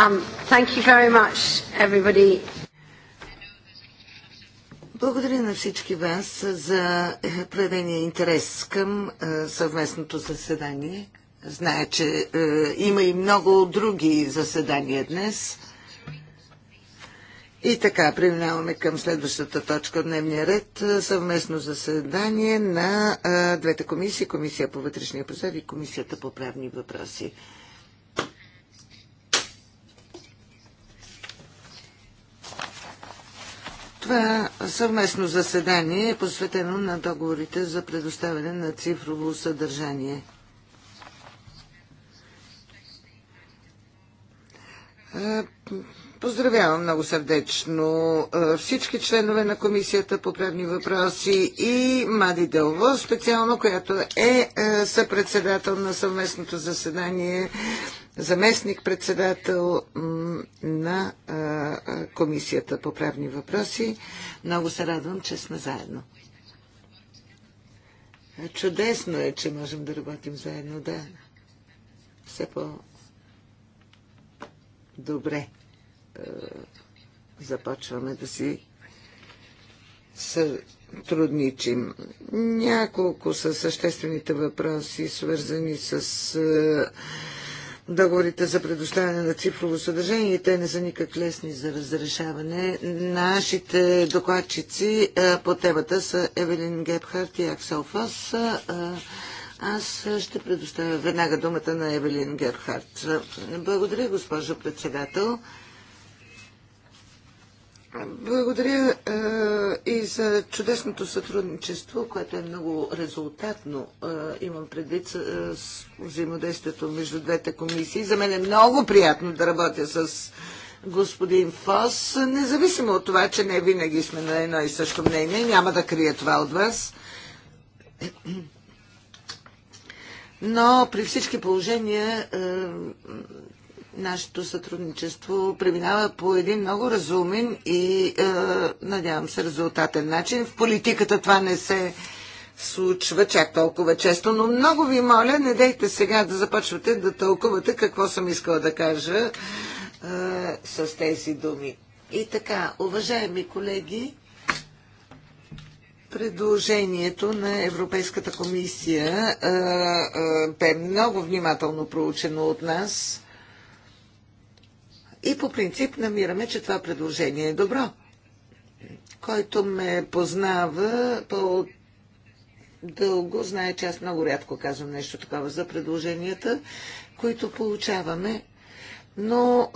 Um, thank you very much, everybody. Благодаря на всички вас за е, проявения интерес към е, съвместното заседание. Зная, че е, има и много други заседания днес. И така, преминаваме към следващата точка от дневния ред. Съвместно заседание на двете комисии. Комисия по вътрешния пазар и Комисията по правни въпроси. това съвместно заседание е посветено на договорите за предоставяне на цифрово съдържание. Е, поздравявам много сърдечно е, всички членове на Комисията по правни въпроси и Мади Дълво, специално, която е, е съпредседател на съвместното заседание заместник-председател на Комисията по правни въпроси. Много се радвам, че сме заедно. Чудесно е, че можем да работим заедно, да. Все по-добре започваме да си сътрудничим. Няколко са съществените въпроси, свързани с договорите за предоставяне на цифрово съдържание и те не са никак лесни за разрешаване. Нашите докладчици по темата са Евелин Гепхарт и Аксел Фас. Аз ще предоставя веднага думата на Евелин Гепхарт. Благодаря, госпожо председател. Благодаря е, и за чудесното сътрудничество, което е много резултатно. Е, имам предвид е, с взаимодействието между двете комисии. За мен е много приятно да работя с господин Фос, независимо от това, че не винаги сме на едно и също мнение. Няма да крия това от вас. Но при всички положения нашето сътрудничество преминава по един много разумен и е, надявам се резултатен начин. В политиката това не се случва чак толкова често, но много ви моля, не дейте сега да започвате да тълкувате какво съм искала да кажа е, с тези думи. И така, уважаеми колеги, Предложението на Европейската комисия е, е, бе много внимателно проучено от нас. И по принцип намираме, че това предложение е добро. Който ме познава по дълго, знае, че аз много рядко казвам нещо такова за предложенията, които получаваме. Но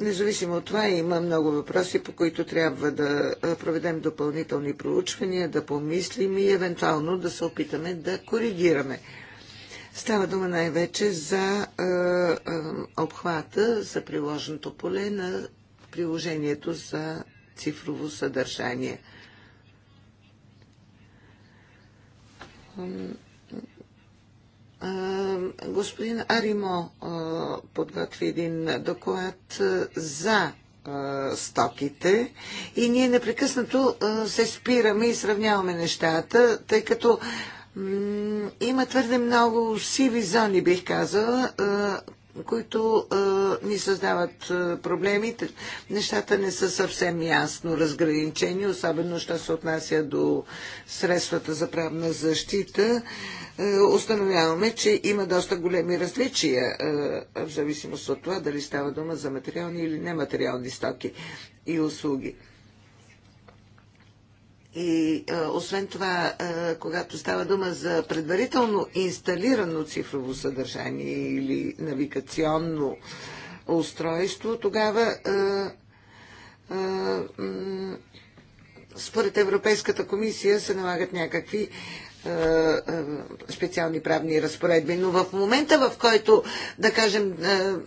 независимо от това има много въпроси, по които трябва да проведем допълнителни проучвания, да помислим и евентуално да се опитаме да коригираме Става дума най-вече за е, е, обхвата, за приложеното поле на приложението за цифрово съдържание. Е, господин Аримо е, подготви един доклад е, за стоките и ние непрекъснато се спираме и сравняваме нещата, тъй като има твърде много сиви зони, бих казала, които ни създават проблеми. Нещата не са съвсем ясно разграничени, особено що се отнася до средствата за правна защита. Установяваме, че има доста големи различия в зависимост от това дали става дума за материални или нематериални стоки и услуги. И а, освен това, а, когато става дума за предварително инсталирано цифрово съдържание или навигационно устройство, тогава а, а, според Европейската комисия се налагат някакви специални правни разпоредби. Но в момента, в който, да кажем,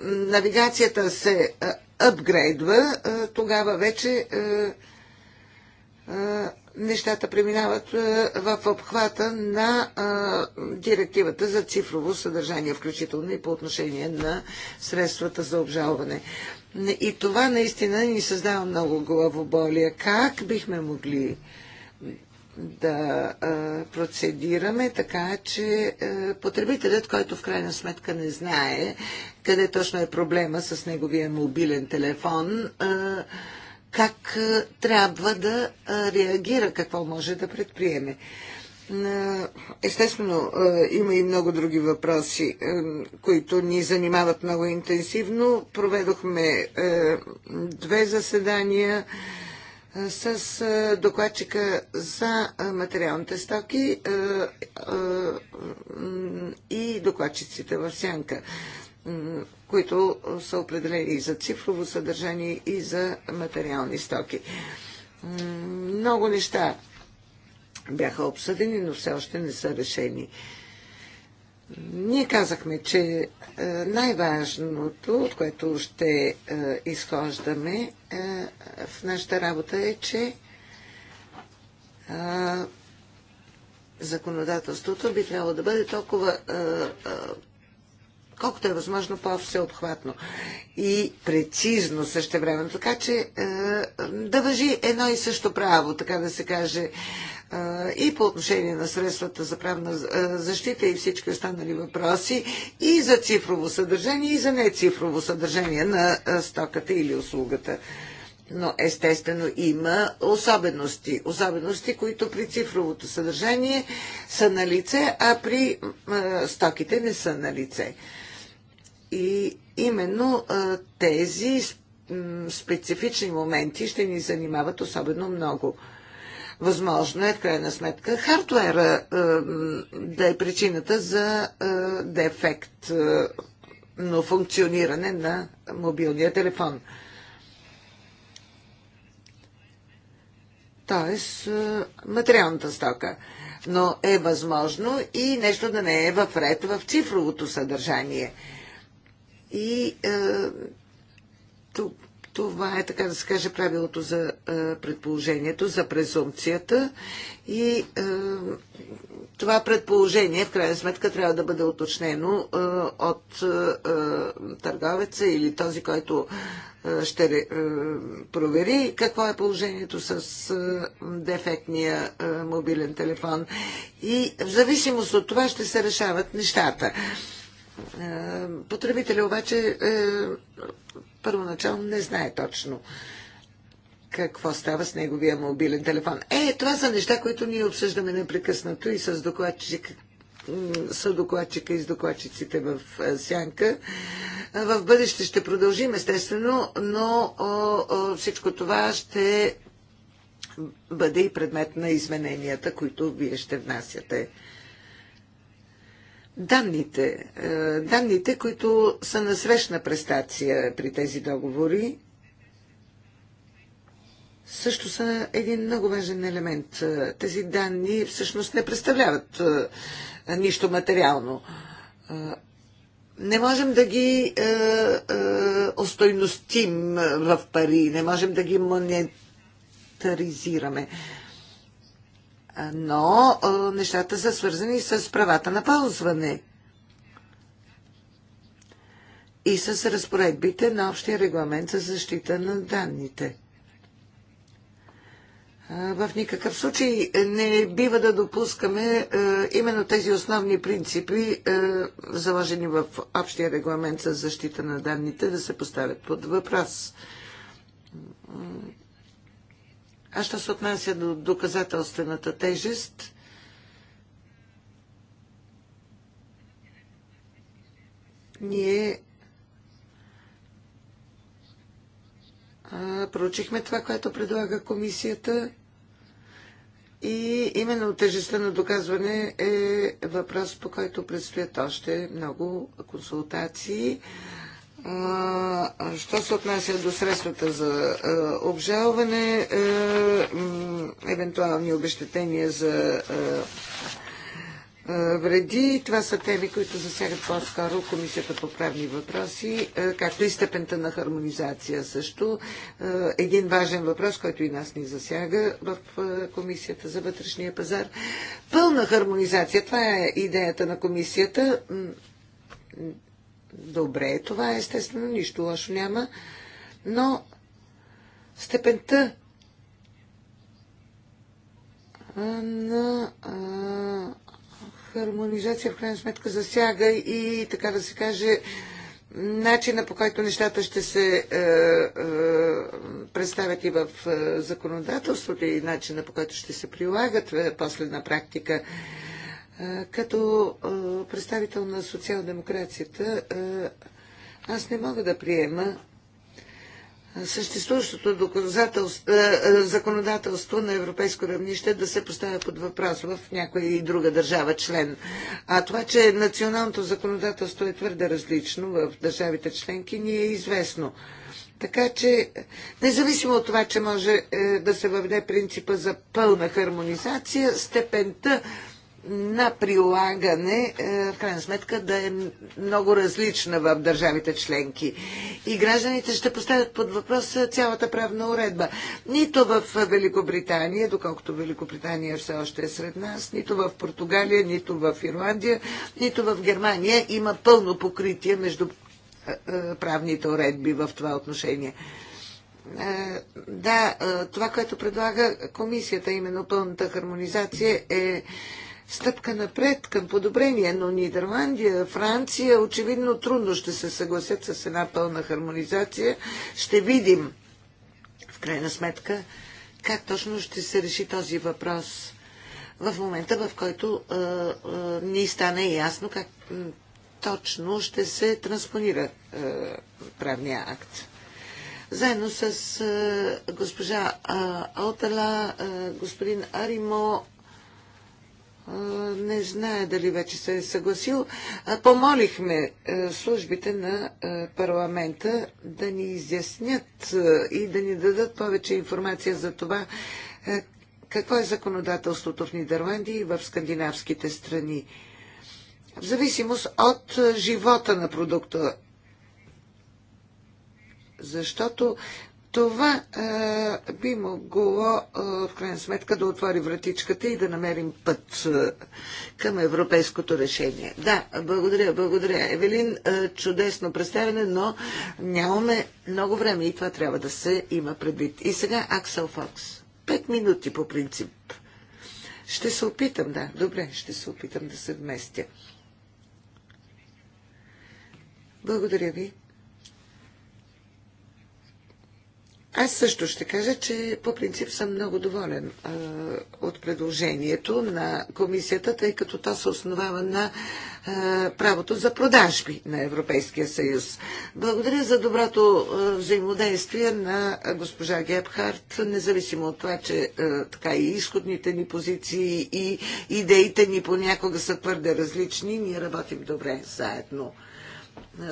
навигацията се апгрейдва, тогава вече нещата преминават е, в обхвата на е, директивата за цифрово съдържание, включително и по отношение на средствата за обжалване. И това наистина ни създава много главоболия. Как бихме могли да е, процедираме така, че потребителят, който в крайна сметка не знае къде точно е проблема с неговия мобилен телефон, как трябва да реагира, какво може да предприеме. Естествено, има и много други въпроси, които ни занимават много интенсивно. Проведохме две заседания с докладчика за материалните стоки и докладчиците в сянка които са определени и за цифрово съдържание, и за материални стоки. Много неща бяха обсъдени, но все още не са решени. Ние казахме, че е, най-важното, от което ще е, изхождаме е, в нашата работа е, че законодателството би трябвало да бъде толкова колкото е възможно по-всеобхватно и прецизно също време. Така че е, да въжи едно и също право, така да се каже, е, и по отношение на средствата за правна е, защита и всички останали въпроси, и за цифрово съдържание, и за нецифрово съдържание на е, стоката или услугата. Но естествено има особености. Особености, които при цифровото съдържание са на лице, а при е, стоките не са на лице. И именно тези специфични моменти ще ни занимават особено много. Възможно е, в крайна сметка, хардуера да е причината за дефект но функциониране на мобилния телефон. Тоест, материалната стока. Но е възможно и нещо да не е в ред в цифровото съдържание – и е, това е, така да се каже, правилото за е, предположението, за презумпцията. И е, това предположение, в крайна сметка, трябва да бъде уточнено от търговеца или този, който ще провери какво е положението с дефектния мобилен телефон. И в зависимост от това ще се решават нещата. Е, потребителя обаче е, първоначално не знае точно какво става с неговия мобилен телефон. Е, това са неща, които ние обсъждаме непрекъснато и с докладчика с докладчика и с докладчиците в е, Сянка. В бъдеще ще продължим, естествено, но всичко това ще бъде и предмет на измененията, които вие ще внасяте данните, е, данните, които са на срещна престация при тези договори, също са един много важен елемент. Е, тези данни всъщност не представляват е, нищо материално. Не можем да ги е, е, остойностим в пари, не можем да ги монетаризираме но нещата са свързани с правата на ползване и с разпоредбите на общия регламент за защита на данните. В никакъв случай не бива да допускаме именно тези основни принципи, заложени в общия регламент за защита на данните, да се поставят под въпрос. А що се отнася до доказателствената тежест, ние проучихме това, което предлага комисията и именно тежестта на доказване е въпрос, по който предстоят още много консултации. Що се отнася до средствата за обжалване, евентуални обещетения за вреди, това са теми, които засягат по-скоро Комисията по правни въпроси, както и степента на хармонизация също. Един важен въпрос, който и нас ни засяга в Комисията за вътрешния пазар. Пълна хармонизация, това е идеята на Комисията добре, това е естествено, нищо лошо няма, но степента на хармонизация в крайна сметка засяга и, така да се каже, начина по който нещата ще се е, е, представят и в е, законодателството и начина по който ще се прилагат е, после на практика. Е, като представител на социал-демокрацията, аз не мога да приема съществуващото законодателство на европейско равнище да се поставя под въпрос в някоя и друга държава член. А това, че националното законодателство е твърде различно в държавите членки, ни е известно. Така че, независимо от това, че може е, да се въведе принципа за пълна хармонизация, степента на прилагане, е, в крайна сметка, да е много различна в държавите членки. И гражданите ще поставят под въпрос е, цялата правна уредба. Нито в Великобритания, доколкото Великобритания все още е сред нас, нито в Португалия, нито в Ирландия, нито в Германия има пълно покритие между е, правните уредби в това отношение. Да, това, което предлага комисията, именно пълната хармонизация, е стъпка напред към подобрение, но Нидерландия, Франция очевидно трудно ще се съгласят с една пълна хармонизация. Ще видим в крайна сметка как точно ще се реши този въпрос в момента, в който е, е, ни стане ясно как точно ще се транспонира е, правния акт. Заедно с е, госпожа е, Алтала, е, господин Аримо, не знае дали вече се е съгласил, помолихме службите на парламента да ни изяснят и да ни дадат повече информация за това какво е законодателството в Нидерландия и в скандинавските страни. В зависимост от живота на продукта. Защото това а, би могло а, в крайна сметка да отвори вратичката и да намерим път а, към европейското решение. Да, благодаря, благодаря. Евелин, а, чудесно представяне, но нямаме много време и това трябва да се има предвид. И сега Аксел Фокс. Пет минути по принцип. Ще се опитам, да. Добре, ще се опитам да се вместя. Благодаря ви. Аз също ще кажа, че по принцип съм много доволен а, от предложението на комисията, тъй като то се основава на а, правото за продажби на Европейския съюз. Благодаря за доброто а, взаимодействие на госпожа Гебхарт, независимо от това, че а, така и изходните ни позиции и идеите ни понякога са твърде различни, ние работим добре заедно.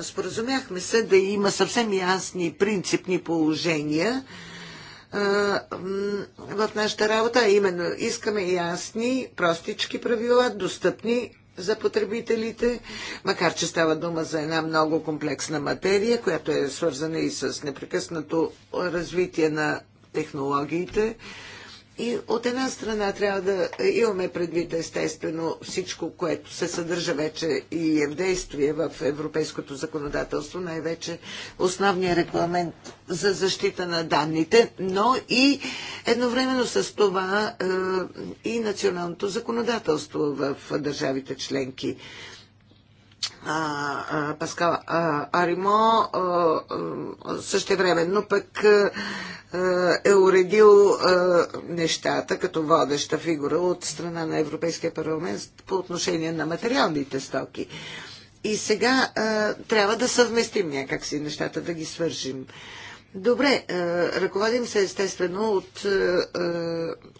Споразумяхме се да има съвсем ясни принципни положения в нашата работа, а именно искаме ясни, простички правила, достъпни за потребителите, макар че става дума за една много комплексна материя, която е свързана и с непрекъснато развитие на технологиите. И от една страна трябва да имаме предвид естествено всичко, което се съдържа вече и е в действие в европейското законодателство, най-вече основния регламент за защита на данните, но и едновременно с това е, и националното законодателство в държавите членки а, Паскал а, Аримо същевременно пък а, е уредил а, нещата като водеща фигура от страна на Европейския парламент по отношение на материалните стоки. И сега а, трябва да съвместим някакси нещата, да ги свържим. Добре, а, ръководим се естествено от а,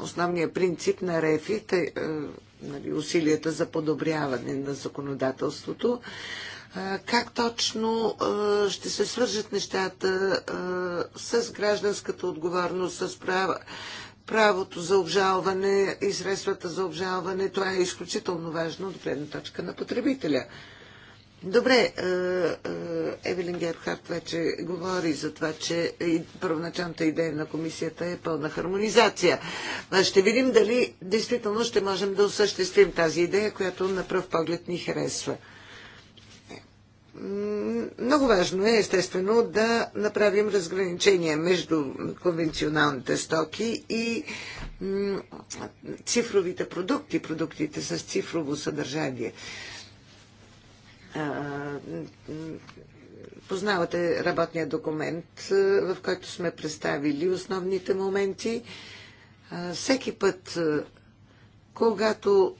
основния принцип на Рефи, тъй, нали, усилията за подобряване на законодателството. Как точно ще се свържат нещата с гражданската отговорност, с права, правото за обжалване и средствата за обжалване? Това е изключително важно от гледна точка на потребителя. Добре, е, е, Евелин Герхард вече говори за това, че първоначалната идея на комисията е пълна хармонизация. Ще видим дали действително ще можем да осъществим тази идея, която на пръв поглед ни харесва. Много важно е, естествено, да направим разграничение между конвенционалните стоки и цифровите продукти, продуктите с цифрово съдържание. Познавате работния документ, в който сме представили основните моменти. Всеки път, когато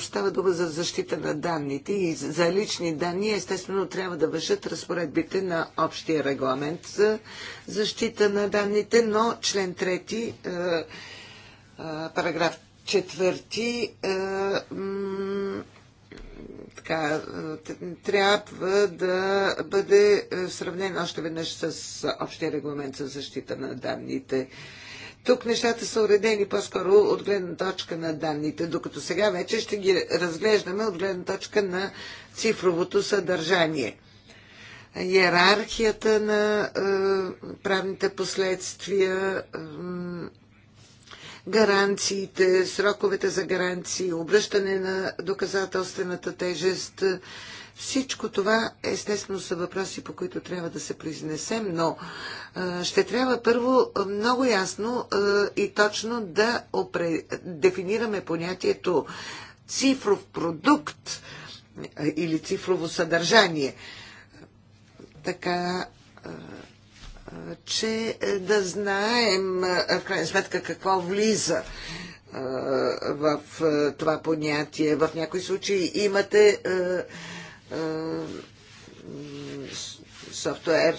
става дума за защита на данните и за лични данни, естествено трябва да вършат разпоредбите на общия регламент за защита на данните, но член 3, параграф 4 така, е, трябва да бъде е, сравнен още веднъж с общия регламент за защита на данните. Тук нещата са уредени по-скоро от гледна точка на данните, докато сега вече ще ги разглеждаме от гледна точка на цифровото съдържание. Иерархията на е, правните последствия е, гаранциите, сроковете за гаранции, обръщане на доказателствената тежест. Всичко това естествено са въпроси, по които трябва да се произнесем, но ще трябва първо много ясно и точно да дефинираме понятието цифров продукт или цифрово съдържание. Така че е, да знаем е, в крайна сметка какво влиза е, в това понятие. В някои случаи имате софтуер,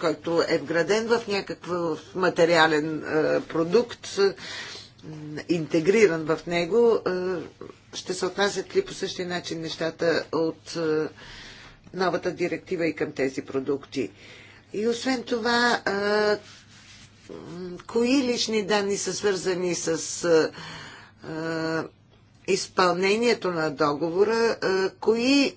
който е вграден в някакъв материален продукт, интегриран в него. Ще се отнасят ли по същия начин нещата от новата директива и към тези продукти? И освен това, кои лични данни са свързани с изпълнението на договора, кои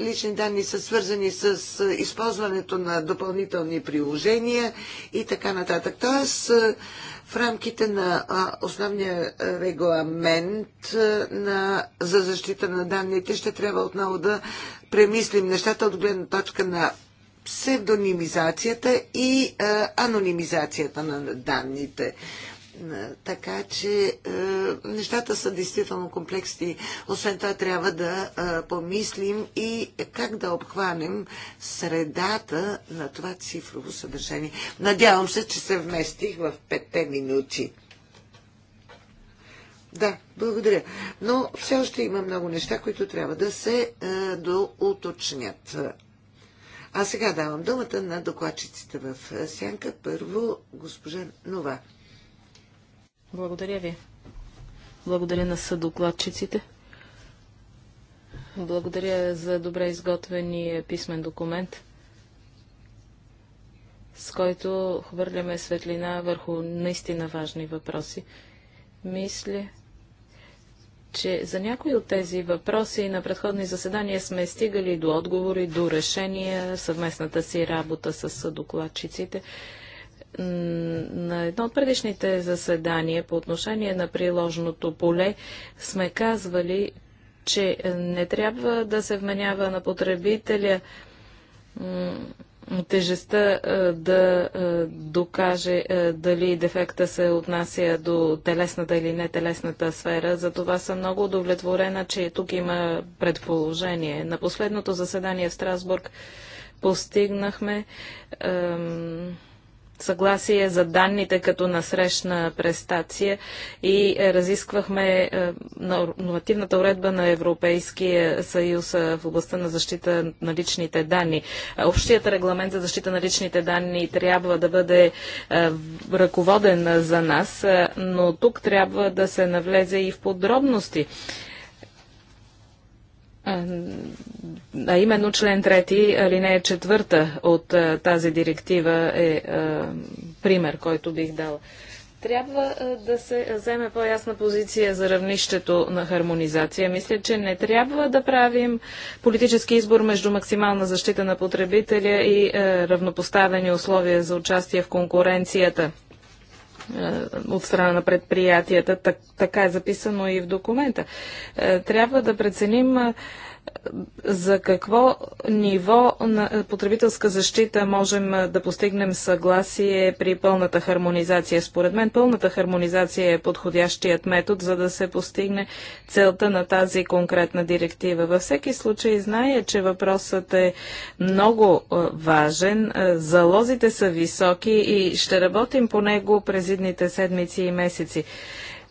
лични данни са свързани с използването на допълнителни приложения и така нататък. Тоест, в рамките на основния регламент на, за защита на данните ще трябва отново да премислим нещата от гледна точка на псевдонимизацията и анонимизацията на данните. Така че е, нещата са действително комплексни. Освен това трябва да е, помислим и как да обхванем средата на това цифрово съдържание. Надявам се, че се вместих в петте минути. Да, благодаря. Но все още има много неща, които трябва да се е, доуточнят. Да а сега давам думата на докладчиците в сянка. Първо госпожа Нова. Благодаря ви. Благодаря на съдокладчиците. Благодаря за добре изготвения писмен документ, с който хвърляме светлина върху наистина важни въпроси. Мисля, че за някои от тези въпроси на предходни заседания сме стигали до отговори, до решения, съвместната си работа с докладчиците. На едно от предишните заседания по отношение на приложното поле сме казвали, че не трябва да се вменява на потребителя тежестта е, да е, докаже е, дали дефекта се отнася до телесната или нетелесната сфера. За това съм много удовлетворена, че тук има предположение. На последното заседание в Страсбург постигнахме съгласие за данните като насрещна престация и е, разисквахме е, нормативната уредба на Европейския съюз е, в областта на защита на личните данни. Общият регламент за защита на личните данни трябва да бъде ръководен за нас, но тук трябва да се навлезе и в подробности а именно член 3, алинея 4 от тази директива е пример, който бих дала. Трябва да се вземе по-ясна позиция за равнището на хармонизация. Мисля, че не трябва да правим политически избор между максимална защита на потребителя и равнопоставени условия за участие в конкуренцията. Е, от страна на предприятията. Так, така е записано и в документа. Е, трябва да преценим е, за какво ниво на потребителска защита можем да постигнем съгласие при пълната хармонизация? Според мен пълната хармонизация е подходящият метод, за да се постигне целта на тази конкретна директива. Във всеки случай зная, че въпросът е много важен, залозите са високи и ще работим по него през идните седмици и месеци.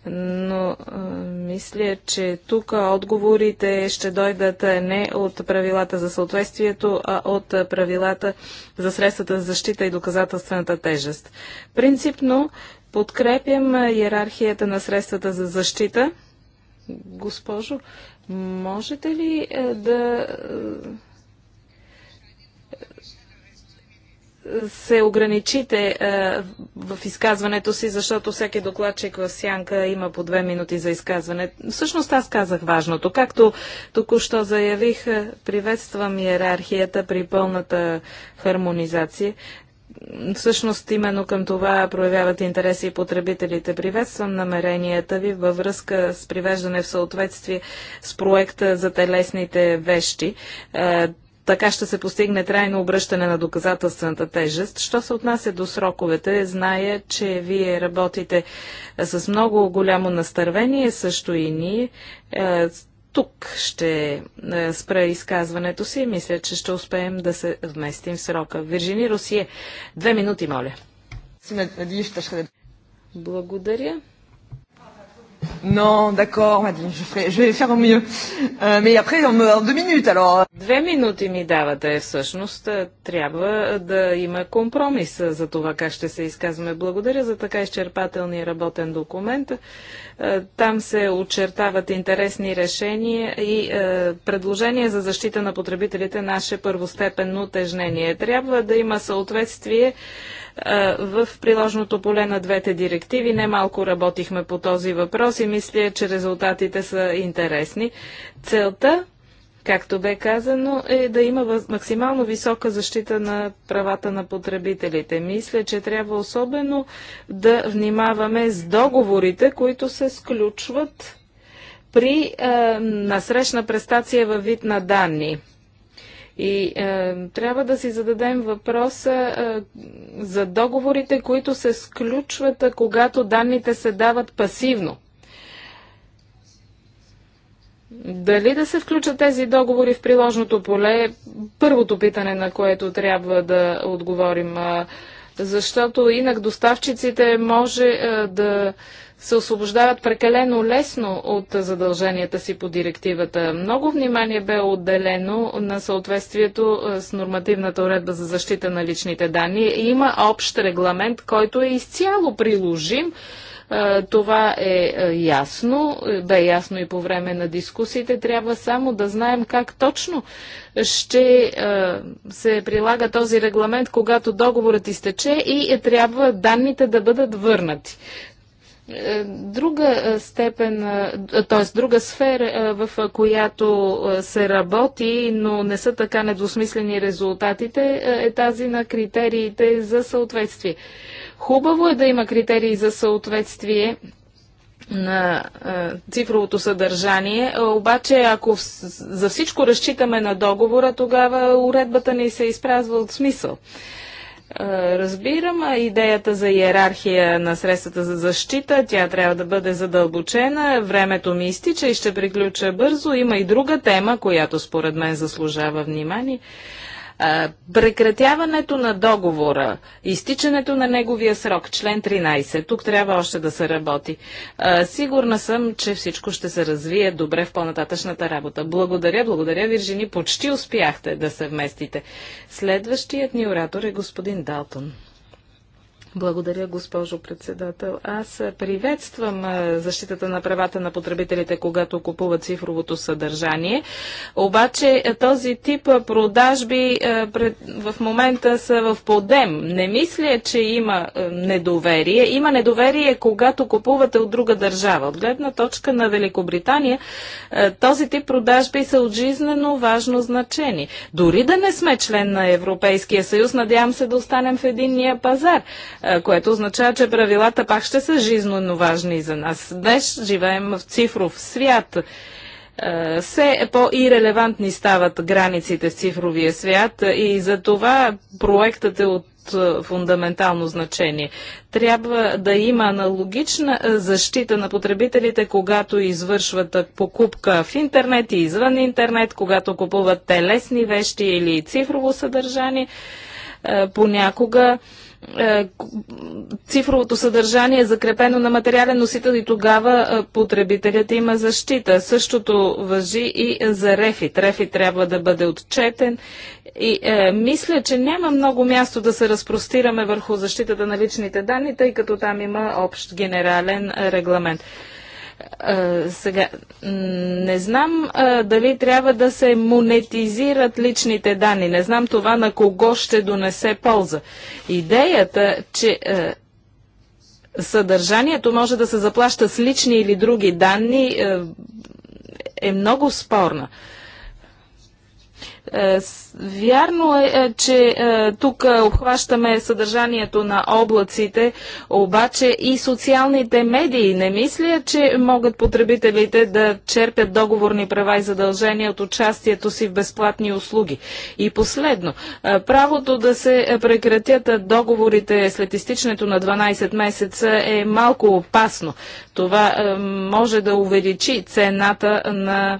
Но а, мисля, че тук отговорите ще дойдат не от правилата за съответствието, а от правилата за средствата за защита и доказателствената тежест. Принципно подкрепям иерархията на средствата за защита. Госпожо, можете ли да се ограничите е, в изказването си, защото всеки докладчик в сянка има по две минути за изказване. Всъщност аз казах важното. Както току-що заявих, е, приветствам иерархията при пълната хармонизация. Всъщност именно към това проявяват интереси и потребителите. Приветствам намеренията ви във връзка с привеждане в съответствие с проекта за телесните вещи. Е, така ще се постигне трайно обръщане на доказателствената тежест. Що се отнася до сроковете, зная, че вие работите с много голямо настървение, също и ние. Е, тук ще е, спра изказването си и мисля, че ще успеем да се вместим в срока. Виржини Русие, две минути, моля. Благодаря. Non, d'accord, Madeline, je, ferai, je vais faire au mieux. Euh, mais après, en, en deux minutes, alors. Две минути ми давате. Всъщност, трябва да има компромис за това как ще се изказваме. Благодаря за така изчерпателния работен документ. Е, там се очертават интересни решения и е, предложения за защита на потребителите, наше първостепенно тежнение. Трябва да има съответствие в приложното поле на двете директиви. Немалко работихме по този въпрос и мисля, че резултатите са интересни. Целта както бе казано, е да има максимално висока защита на правата на потребителите. Мисля, че трябва особено да внимаваме с договорите, които се сключват при е, насрещна престация във вид на данни. И е, трябва да си зададем въпроса е, за договорите, които се сключват, е, когато данните се дават пасивно. Дали да се включат тези договори в приложното поле е първото питане, на което трябва да отговорим. Е, защото инак доставчиците може е, да се освобождават прекалено лесно от задълженията си по директивата. Много внимание бе отделено на съответствието с нормативната уредба за защита на личните данни. Има общ регламент, който е изцяло приложим. Това е ясно, бе да ясно и по време на дискусиите. Трябва само да знаем как точно ще се прилага този регламент, когато договорът изтече и е, трябва данните да бъдат върнати. Е, друга е, степен, т.е. друга сфера, е, в която се работи, но не са така недосмислени резултатите, е тази на критериите за съответствие. Хубаво е да има критерии за съответствие на цифровото съдържание, обаче ако за всичко разчитаме на договора, тогава уредбата ни се изпразва от смисъл. Разбирам идеята за иерархия на средствата за защита. Тя трябва да бъде задълбочена. Времето ми изтича и ще приключа бързо. Има и друга тема, която според мен заслужава внимание. Прекратяването на договора, изтичането на неговия срок, член 13, тук трябва още да се работи. Сигурна съм, че всичко ще се развие добре в по-нататъчната работа. Благодаря, благодаря, Виржини, почти успяхте да се вместите. Следващият ни оратор е господин Далтон. Благодаря, госпожо председател. Аз приветствам защитата на правата на потребителите, когато купуват цифровото съдържание. Обаче този тип продажби в момента са в подем. Не мисля, че има недоверие. Има недоверие, когато купувате от друга държава. От гледна точка на Великобритания, този тип продажби са от жизнено важно значение. Дори да не сме член на Европейския съюз, надявам се да останем в единния пазар. Е, което означава, че правилата пак ще са жизненно важни за нас. Днес живеем в цифров свят. Е, все по-ирелевантни стават границите в цифровия свят и за това проектът е от е, фундаментално значение. Трябва да има аналогична защита на потребителите, когато извършват покупка в интернет и извън интернет, когато купуват телесни вещи или цифрово съдържание. Понякога е, цифровото съдържание е закрепено на материален носител и тогава е, потребителят има защита. Същото въжи и за рефит. Рефит трябва да бъде отчетен. И е, мисля, че няма много място да се разпростираме върху защитата на личните данни, тъй като там има общ генерален регламент. Е, сега, не знам е, дали трябва да се монетизират личните данни. Не знам това на кого ще донесе полза. Идеята, че е, съдържанието може да се заплаща с лични или други данни е много спорна. Е, вярно е, е че е, тук обхващаме съдържанието на облаците, обаче и социалните медии. Не мисля, че могат потребителите да черпят договорни права и задължения от участието си в безплатни услуги. И последно, правото да се прекратят договорите след изтичането на 12 месеца е малко опасно. Това може да увеличи цената на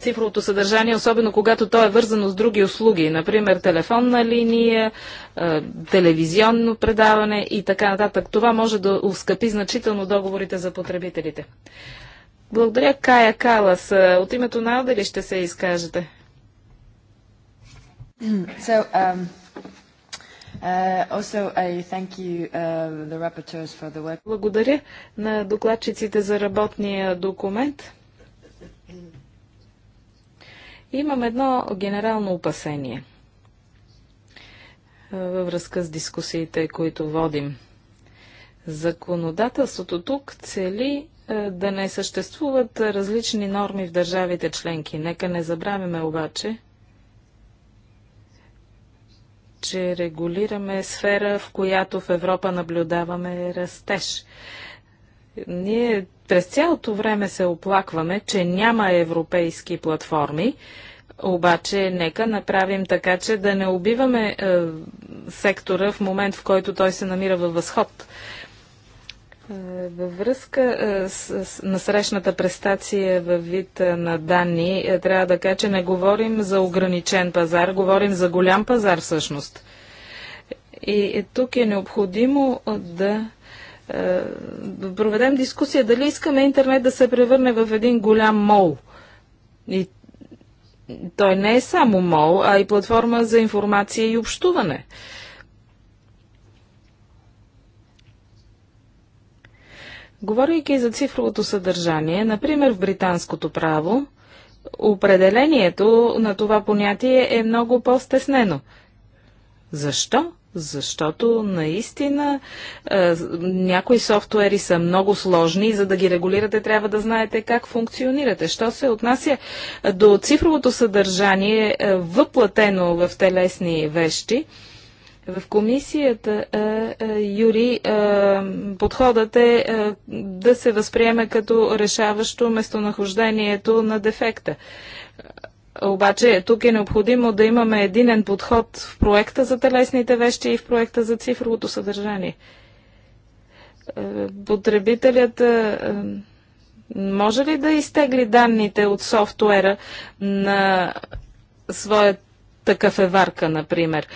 цифровото съдържание, особено когато то е вързано с други услуги, например телефонна линия, е, телевизионно предаване и така нататък. Това може да ускъпи значително договорите за потребителите. Благодаря Кая Калас. Е, от името на Алда ли ще се изкажете? So, um, uh, uh, Благодаря на докладчиците за работния документ. Имам едно генерално опасение е, във връзка с дискусиите, които водим. Законодателството тук цели е, да не съществуват различни норми в държавите членки. Нека не забравяме обаче, че регулираме сфера, в която в Европа наблюдаваме растеж. Ние през цялото време се оплакваме, че няма европейски платформи, обаче нека направим така, че да не убиваме е, сектора в момент, в който той се намира във възход. Е, във връзка е, с, с насрещната престация във вид е, на данни, трябва да кажа, че не говорим за ограничен пазар, говорим за голям пазар всъщност. И тук е необходимо да е, проведем дискусия дали искаме интернет да се превърне в един голям мол. И той не е само мол, а и платформа за информация и общуване. Говорейки за цифровото съдържание, например в британското право, определението на това понятие е много по-стеснено. Защо? Защото наистина е, някои софтуери са много сложни и за да ги регулирате трябва да знаете как функционирате. Що се отнася до цифровото съдържание, е, въплатено в телесни вещи, в комисията е, Юри подходът е да се възприеме като решаващо местонахождението на дефекта. Обаче тук е необходимо да имаме единен подход в проекта за телесните вещи и в проекта за цифровото съдържание. Е, потребителят е, може ли да изтегли данните от софтуера на своят такъв е варка, например.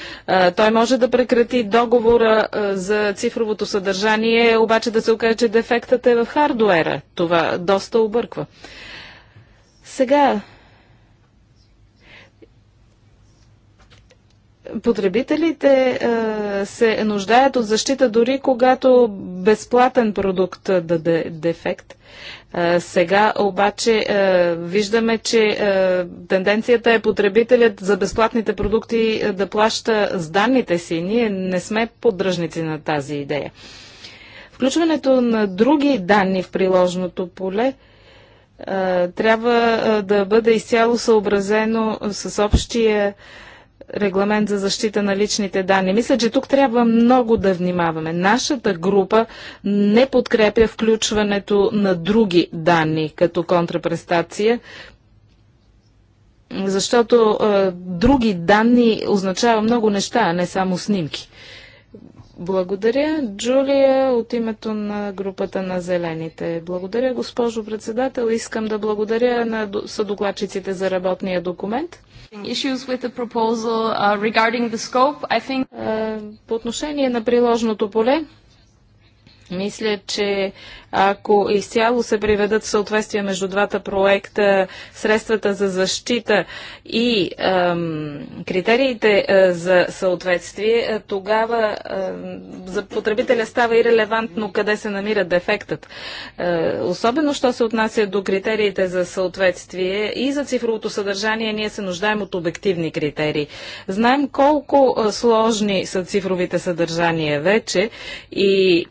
Той може да прекрати договора е, за цифровото съдържание, обаче да се окаже, че дефектът е в хардуера. Това доста обърква. Сега, Потребителите е, се нуждаят от защита дори когато безплатен продукт даде дефект. Е, сега обаче е, виждаме, че тенденцията е потребителят за безплатните продукти да плаща с данните си. Ние не сме поддръжници на тази идея. Включването на други данни в приложното поле трябва да бъде изцяло съобразено с общия регламент за защита на личните данни. Мисля, че тук трябва много да внимаваме. Нашата група не подкрепя включването на други данни като контрапрестация, защото е, други данни означава много неща, а не само снимки. Благодаря, Джулия, от името на групата на Зелените. Благодаря, госпожо председател. Искам да благодаря на съдокладчиците за работния документ. Uh, е, по отношение на приложното поле, мисля, че ако изцяло се приведат в съответствие между двата проекта средствата за защита и ем, критериите е, за съответствие, тогава е, за потребителя става и релевантно къде се намира дефектът. Е, особено, що се отнася до критериите за съответствие и за цифровото съдържание, ние се нуждаем от обективни критерии. Знаем колко е, сложни са цифровите съдържания вече и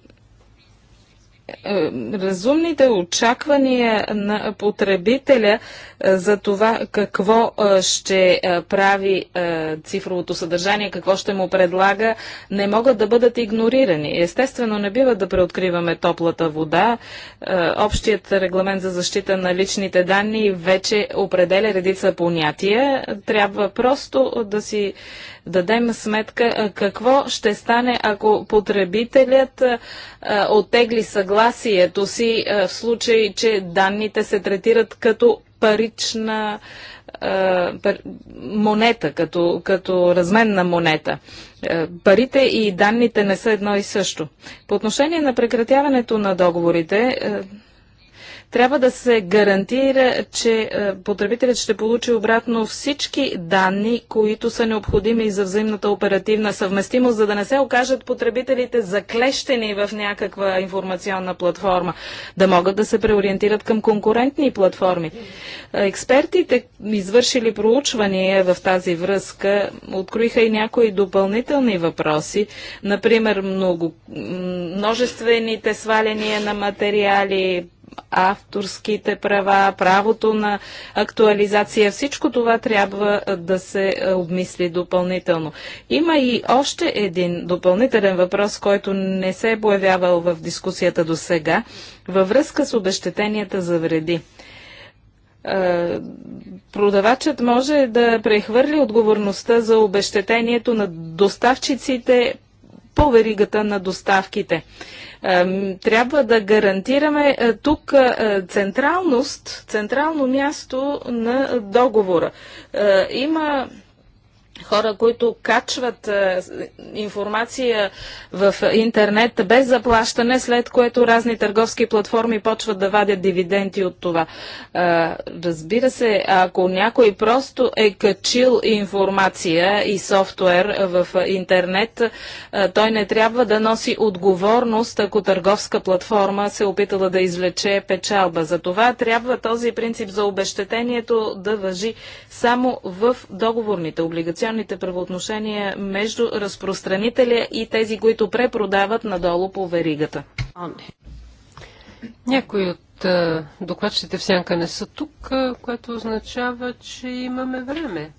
разумните очаквания на потребителя е, за това какво е, ще е, прави цифровото съдържание, какво ще му предлага, не могат да бъдат игнорирани. Естествено, не бива да преоткриваме топлата вода. Общият регламент за защита на личните данни вече определя редица понятия. Трябва просто да си дадем сметка какво ще стане, ако потребителят отегли съгласие съгласието си е, в случай, че данните се третират като парична е, монета, като, като разменна монета. Е, парите и данните не са едно и също. По отношение на прекратяването на договорите, трябва да се гарантира, че е, потребителят ще получи обратно всички данни, които са необходими за взаимната оперативна съвместимост, за да не се окажат потребителите заклещени в някаква информационна платформа, да могат да се преориентират към конкурентни платформи. Експертите, извършили проучвания в тази връзка, откроиха и някои допълнителни въпроси, например много, множествените сваляния на материали, авторските права, правото на актуализация. Всичко това трябва да се обмисли допълнително. Има и още един допълнителен въпрос, който не се е появявал в дискусията до сега, във връзка с обещетенията за вреди продавачът може да прехвърли отговорността за обещетението на доставчиците по веригата на доставките. Трябва да гарантираме е, тук е, централност, централно място на договора. Е, има хора, които качват е, информация в интернет без заплащане, след което разни търговски платформи почват да вадят дивиденти от това. Е, разбира се, ако някой просто е качил информация и софтуер в интернет, е, той не трябва да носи отговорност, ако търговска платформа се опитала да извлече печалба. За това трябва този принцип за обещетението да въжи само в договорните облигационни пазарните правоотношения между разпространителя и тези, които препродават надолу по веригата. Някои от е, докладчите в сянка не са тук, е, което означава, че имаме време.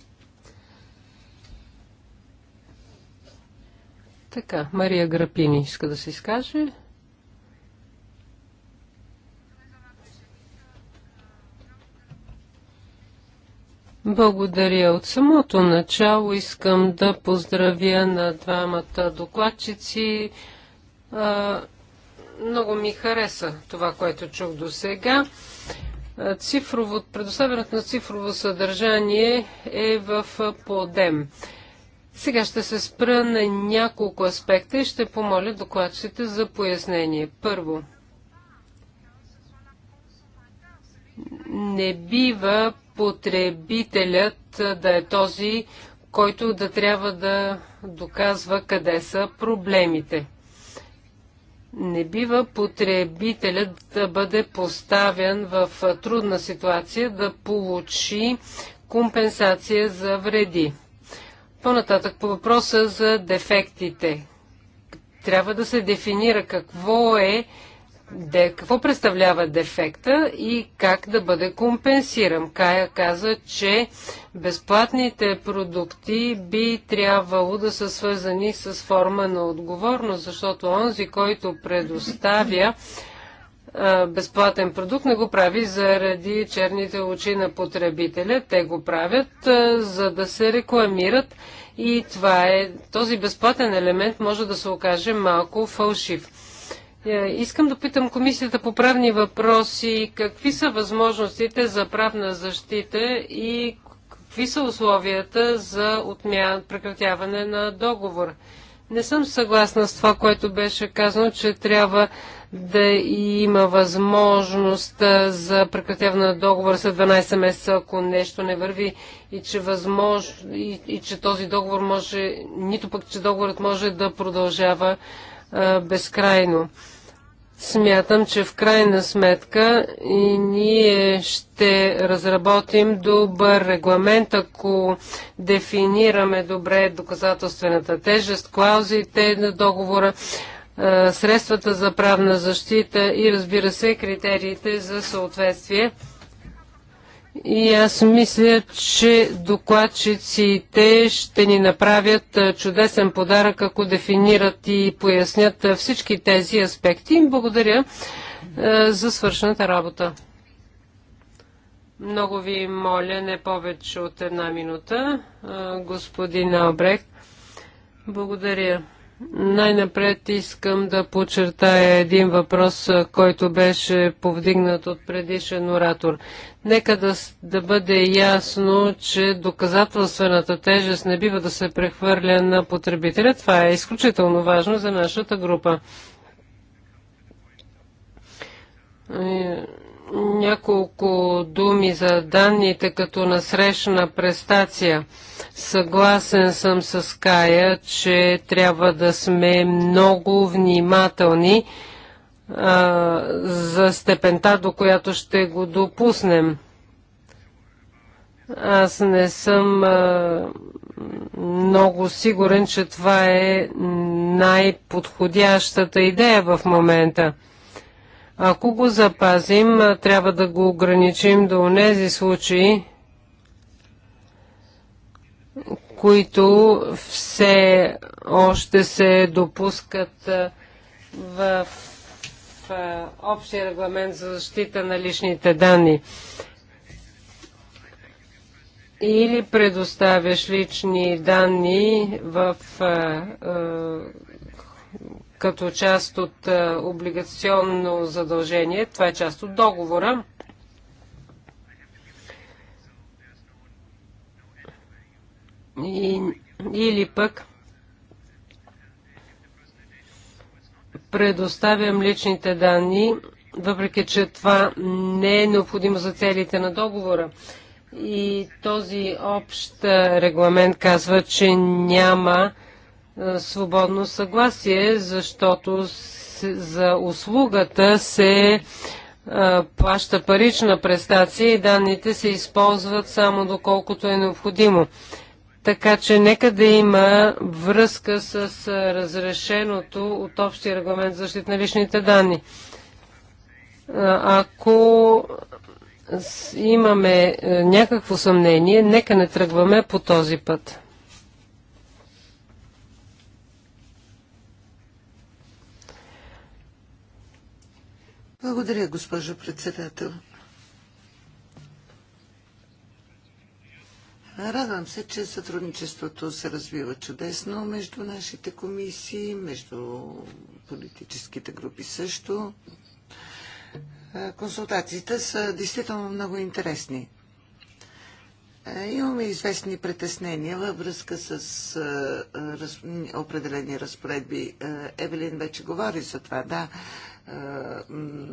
Така, Мария Грапини иска да се изкаже. Благодаря. От самото начало искам да поздравя на двамата докладчици. А, много ми хареса това, което чух до сега. Цифрово, предоставянето на цифрово съдържание е в подем. Сега ще се спра на няколко аспекта и ще помоля докладчите за пояснение. Първо, не бива потребителят да е този, който да трябва да доказва къде са проблемите. Не бива потребителят да бъде поставен в трудна ситуация да получи компенсация за вреди. По-нататък по въпроса за дефектите. Трябва да се дефинира какво е де, какво представлява дефекта и как да бъде компенсиран. Кая каза, че безплатните продукти би трябвало да са свързани с форма на отговорност, защото онзи, който предоставя безплатен продукт, не го прави заради черните очи на потребителя. Те го правят, за да се рекламират и това е, този безплатен елемент може да се окаже малко фалшив. Е, искам да питам Комисията по правни въпроси какви са възможностите за правна защита и какви са условията за отмян, прекратяване на договор. Не съм съгласна с това, което беше казано, че трябва да има възможност за прекратяване на договор след 12 месеца, ако нещо не върви и че, възмож... и, и че този договор може, нито пък, че договорът може да продължава а, безкрайно. Смятам, че в крайна сметка и ние ще разработим добър регламент, ако дефинираме добре доказателствената тежест, клаузите на договора, е, средствата за правна защита и разбира се критериите за съответствие. И аз мисля, че докладчиците ще ни направят чудесен подарък, ако дефинират и пояснят всички тези аспекти. Им благодаря за свършената работа. Много ви моля, не повече от една минута, господин Албрек. Благодаря. Най-напред искам да подчертая един въпрос, който беше повдигнат от предишен оратор. Нека да, да бъде ясно, че доказателствената тежест не бива да се прехвърля на потребителя. Това е изключително важно за нашата група. Е, няколко думи за данните като насрещна престация – Съгласен съм с Кая, че трябва да сме много внимателни а, за степента, до която ще го допуснем. Аз не съм а, много сигурен, че това е най-подходящата идея в момента. Ако го запазим, трябва да го ограничим до тези случаи, които все още се допускат в, в общия регламент за защита на личните данни. Или предоставяш лични данни в, като част от облигационно задължение, това е част от договора, И, или пък предоставям личните данни, въпреки че това не е необходимо за целите на договора. И този общ регламент казва, че няма свободно съгласие, защото за услугата се плаща парична престация и данните се използват само доколкото е необходимо. Така че нека да има връзка с разрешеното от общия регламент за защита на личните данни. Ако имаме някакво съмнение, нека не тръгваме по този път. Благодаря, госпожо председател. Радвам се, че сътрудничеството се развива чудесно между нашите комисии, между политическите групи също. Консултациите са действително много интересни. Имаме известни притеснения във връзка с определени разпоредби. Евелин вече говори за това, да. Е,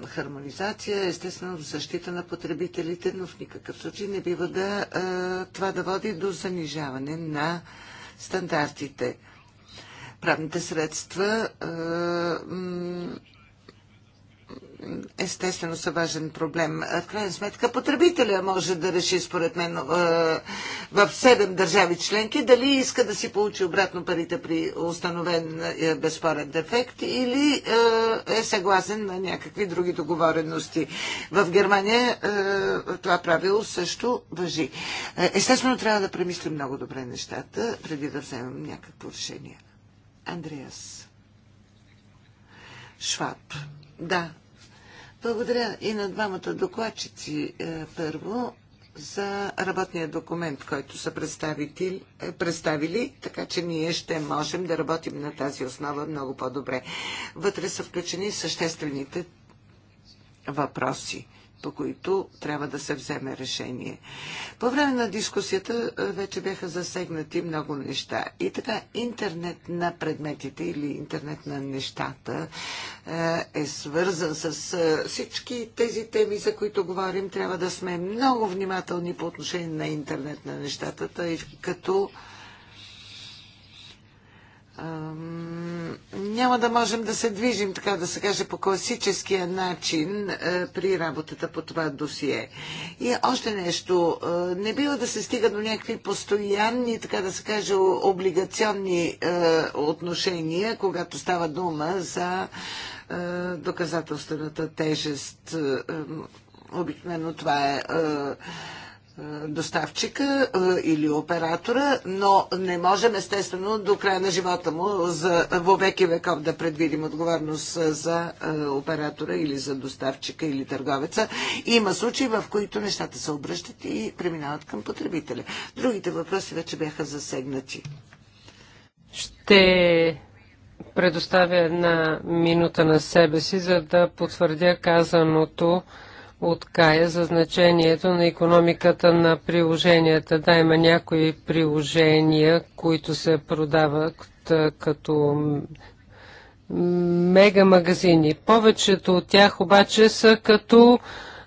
хармонизация, естествено защита на потребителите, но в никакъв случай не бива да е, това да води до занижаване на стандартите. Правните средства е, естествено са важен проблем. В крайна сметка потребителя може да реши, според мен, в седем държави членки, дали иска да си получи обратно парите при установен безспорен дефект или е съгласен на някакви други договорености. В Германия това правило също въжи. Естествено, трябва да премислим много добре нещата, преди да вземем някакво решение. Андреас. Шваб. Да, благодаря и на двамата докладчици е, първо за работния документ, който са е, представили, така че ние ще можем да работим на тази основа много по-добре. Вътре са включени съществените въпроси по които трябва да се вземе решение. По време на дискусията е, вече бяха засегнати много неща. И така, интернет на предметите или интернет на нещата е, е свързан с е, всички тези теми, за които говорим. Трябва да сме много внимателни по отношение на интернет на нещата, тъй като няма да можем да се движим, така да се каже, по класическия начин е, при работата по това досие. И още нещо. Е, не бива да се стига до някакви постоянни, така да се каже, облигационни е, отношения, когато става дума за доказателствената тежест. Обикновено това е доставчика или оператора, но не можем естествено до края на живота му за вовеки веков да предвидим отговорност за оператора или за доставчика или търговеца. Има случаи, в които нещата се обръщат и преминават към потребителя. Другите въпроси вече бяха засегнати. Ще предоставя една минута на себе си, за да потвърдя казаното от Кая за значението на економиката на приложенията. Да, има някои приложения, които се продават като мега магазини. Повечето от тях обаче са като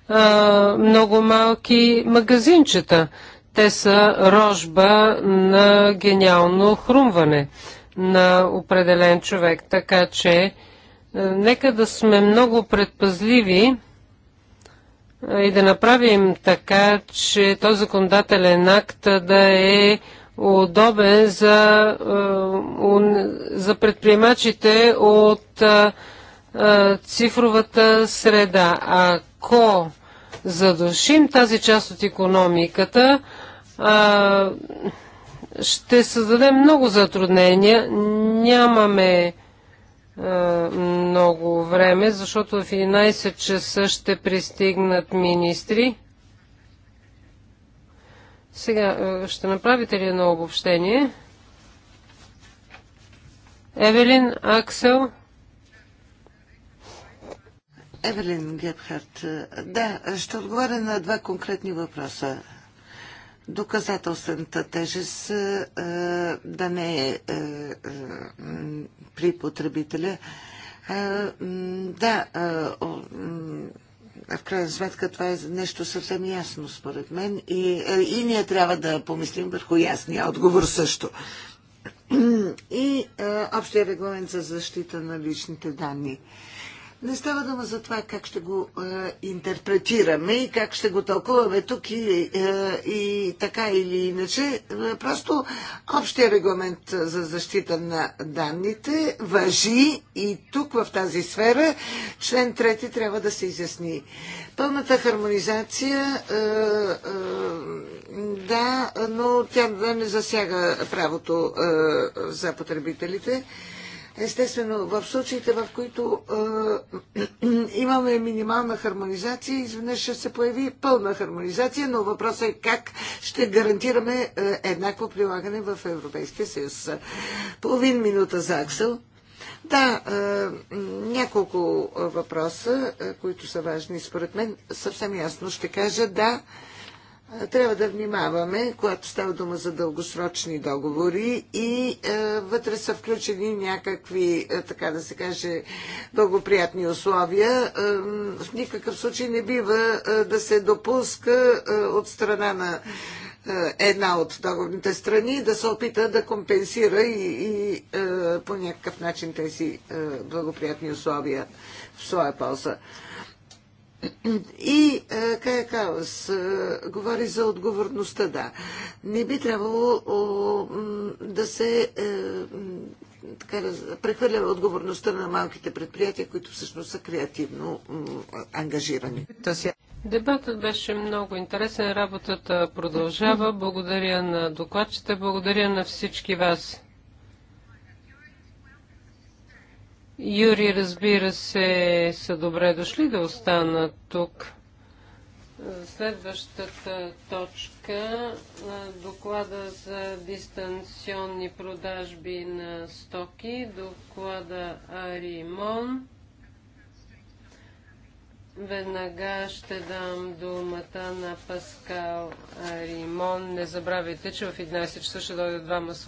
а, много малки магазинчета. Те са рожба на гениално хрумване на определен човек. Така че нека да сме много предпазливи и да направим така, че този законодателен акт да е удобен за, е, за предприемачите от е, е, цифровата среда. Ако задушим тази част от економиката, ще създадем много затруднения. Нямаме е, много време, защото в 11 часа ще пристигнат министри. Сега, е, ще направите ли едно обобщение? Евелин, Аксел? Евелин Гепхарт, е, да, ще отговоря на два конкретни въпроса доказателствената тежест е, да не е, е при потребителя. Е, да, в крайна сметка това е нещо съвсем ясно според мен и, и ние трябва да помислим върху ясния отговор също. И общия регламент за защита на личните данни. Не става дума за това как ще го е, интерпретираме и как ще го тълкуваме тук и, е, и така или иначе. Е, просто общия регламент за защита на данните въжи и тук в тази сфера член 3 трябва да се изясни. Пълната хармонизация, е, е, да, но тя не засяга правото е, за потребителите. Е, Естествено, в случаите, в които е, имаме минимална хармонизация, изведнъж ще се появи пълна хармонизация, но въпросът е как ще гарантираме е, еднакво прилагане в Европейския съюз. Половин минута за Аксел. Да, е, няколко въпроса, е, които са важни според мен, съвсем ясно ще кажа. Да, трябва да внимаваме, когато става дума за дългосрочни договори и е, вътре са включени някакви, е, така да се каже, благоприятни условия. Е, в никакъв случай не бива е, да се допуска е, от страна на е, една от договорните страни да се опита да компенсира и, и е, по някакъв начин тези е, благоприятни условия в своя полза. Е, и е, Кая Каос е, говори за отговорността, да. Не би трябвало да се е, така, прехвърля отговорността на малките предприятия, които всъщност са креативно ангажирани. Дебатът беше много интересен. Работата продължава. Благодаря на докладчите, благодаря на всички вас. Юри, разбира се, са добре дошли да останат тук. Следващата точка доклада за дистанционни продажби на стоки, доклада Аримон. Веднага ще дам думата на Паскал Аримон. Не забравяйте, че в 11 часа ще дойдат двама